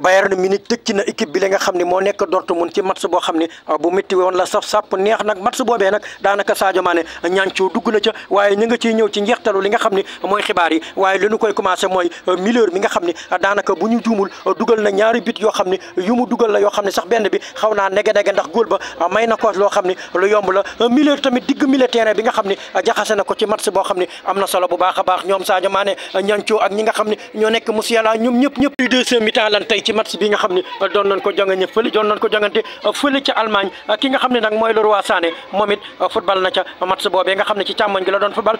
Bayern Munich ci na équipe bi la nga xam ne moo nekk Dortmund ci match boo xam ne ah, bu métti woon la saf sàpp neex nag match boobee nag daanaka Sadio Mané ñancoo dugg na ca waaye ñu nga ciy ñëw ci njeextalu li nga xam ne mooy xibaar yi waaye li koy commencé mooy euh, Müller mi nga xam ne ah, daanaka bu ñu juumul euh, dugal na ñaari but yoo xam ne yu dugal la yoo xam ne sax benn bi xaw naa nege-nege ndax góol ba ah, may na ko loo xam ne lu yomb la euh, Müller tamit terrain bi nga xam ne jaxase na ko ci match boo xam ne am na solo bu baax a baax ñoom Sadio Mané ñancoo ak ñi nga xam ne ñoo nekk Musiala ñoom ñëpp ñëpp deuxième mi-temps lan tey ci match bi nga xam ne doon nañ ko jongante fële doon nañ ko jongante fële ca Allemagne ki nga xam ne nag mooy Leroy Sané moom it football na ca match boobee nga xam ne doon football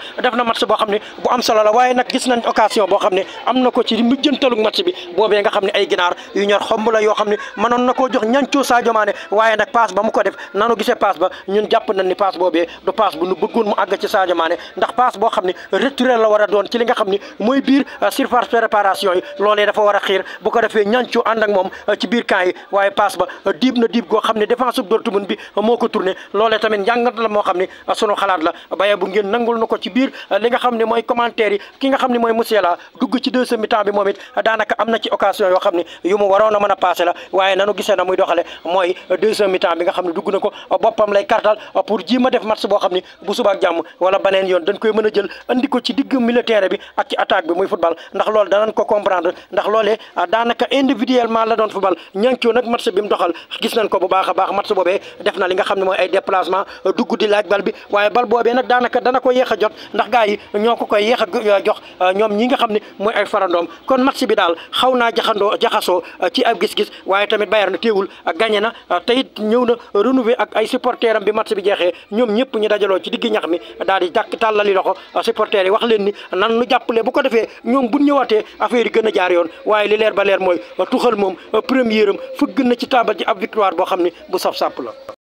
ko jox ñancoo Sadio Mané waaye nag passe ba mu ko def nanu gisee passe ba ñun jàpp nañ ni passe boobee du passe bu nu bëggoon mu àgg ci Sadio Mané ndax passe boo xam ne retour la war a doon ci li nga xam ne mooy biir surface préparation yi loolee dafa war a xiir bu ko defee ñanc xëccoo ànd ak moom euh, ci biir camp yi waaye paas ba euh, diib na diib goo xam ne défense bu Dortmund bi euh, moo ko tourné loolee tamit njàngat la moo xam ne sunu xalaat la baye bu ngeen nangul na ko ci biir li nga xam ne mooy commentaire yi ki nga xam ne mooy monsieur la dugg ci deuxième mi bi moom a mën a passé la waaye nanu gisee na muy doxale mooy deuxième bi nga xam ne dugg na ko boppam lay kartal pour jiima def match boo xam ne bu subaak jàmm wala baneen yoon dañ koy mën a jël andi ko ci digg militaire bi ak bi muy football ndax loolu danañ ko comprendre ndax loolee individuellement la doon football ñancoo nag match bi mu doxal gis nañ ko bu baax a baax match boobee def na li nga xam ne mooy ay déplacement dugg di laaj bal bi waaye bal boobee nag daanaka ko yéex a jot ndax gars yi ñoo ko koy yéex a ñoom ñi nga xam ne mooy ay farandoom kon match bi daal xaw naa jaxandoo jaxasoo ci ab gis-gis waaye tamit na Bayern téewul gagné na tey ñëw na renouveler ak ay supporters am bi match bi jeexee ñoom ñëpp ñu dajaloo ci digg ñax mi daal di jàkk tàllali loxo supporters yi wax leen ni nan nu bu ko defee ñoom bu ñëwaatee affaire yi gën a jaar yoon waaye li leer ba leer tuxal moom première am fëgg na ci taabal ji ab victoire boo xam ne bu saf sàpp la